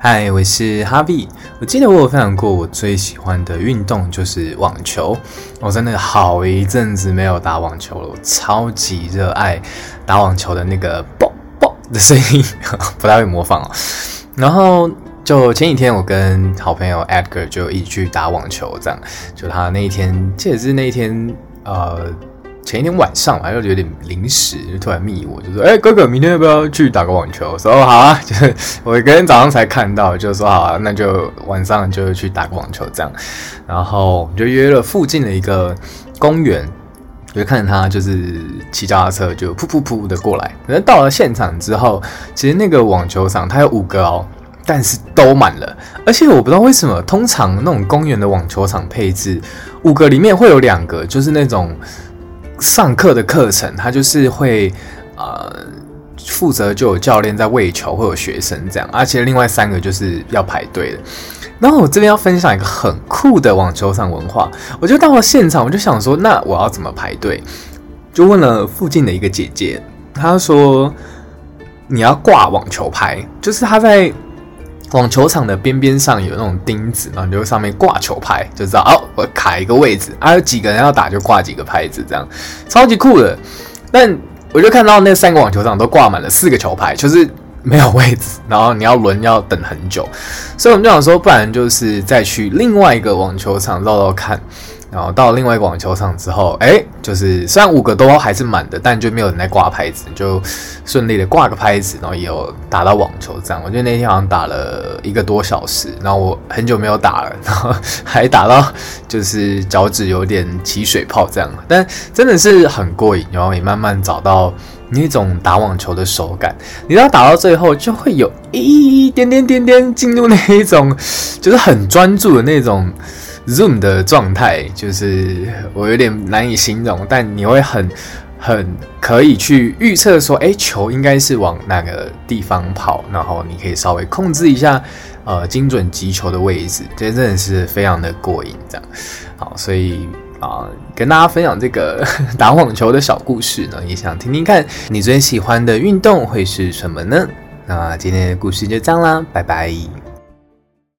嗨，Hi, 我是 Harvie。我記得我有分享過，我最喜歡的運動就是網球。我真的好一陣子沒有打網球了，我超級熱愛打網球的那個“啵啵”的聲音， 不太會模仿哦。然後就前幾天，我跟好朋友 Edgar 就一起去打網球，這樣。就他那一天，這也是那一天，呃。前一天晚上，還有點臨時，突然密我，就說：“哎、欸，哥哥，明天要不要去打個網球？”我說：“好啊。就”就是我今天早上才看到，就說：“好啊，那就晚上就去打個網球這樣。”然後就約了附近的一個公園，就看著他就是騎腳踏車就噗噗噗的過來。然後到了現場之後，其實那個網球場它有五個哦，但是都滿了。而且我不知道為什麼，通常那種公園的網球場配置，五個裡面會有兩個，就是那種。上課的課程，他就是會，呃，負責就有教練在餵球，會有學生這樣，而且另外三個就是要排隊的。然後我這邊要分享一個很酷的網球場文化，我就到了現場，我就想說，那我要怎麼排隊？就問了附近的一個姐姐，她說你要掛網球拍，就是她在。網球場的邊邊上有那種釘子，然後你就上面掛球拍，就知道哦，我卡一個位置啊。有幾個人要打，就掛幾個拍子，這樣超級酷的。但我就看到那三個網球場都掛滿了四個球拍，就是沒有位置，然後你要輪要等很久。所以我們就想說，不然就是再去另外一個網球場繞繞看。然後到另外一個網球場之後，誒，就是雖然五個都還是滿的，但就沒有人在掛拍子，就順利的掛個拍子，然後也有打到網球這樣。我覺得那天好像打了一個多小時，然後我很久沒有打了，然後還打到就是腳趾有點起水泡這樣，但真的是很過癮，然後也慢慢找到那一種打網球的手感。你知道打到最後就會有一點點點點進入那一種，就是很專注的那種，Zoom 的狀態就是我有點難以形容，但你會很很可以去預測說，哎、欸，球應該是往那個地方跑，然後你可以稍微控制一下，呃，精準擊球的位置，這真的是非常的過癮，這樣。好，所以啊、呃，跟大家分享這個打網球的小故事呢，也想聽聽看你最喜歡的運動會是什麼呢？那今天的故事就這樣啦，拜拜。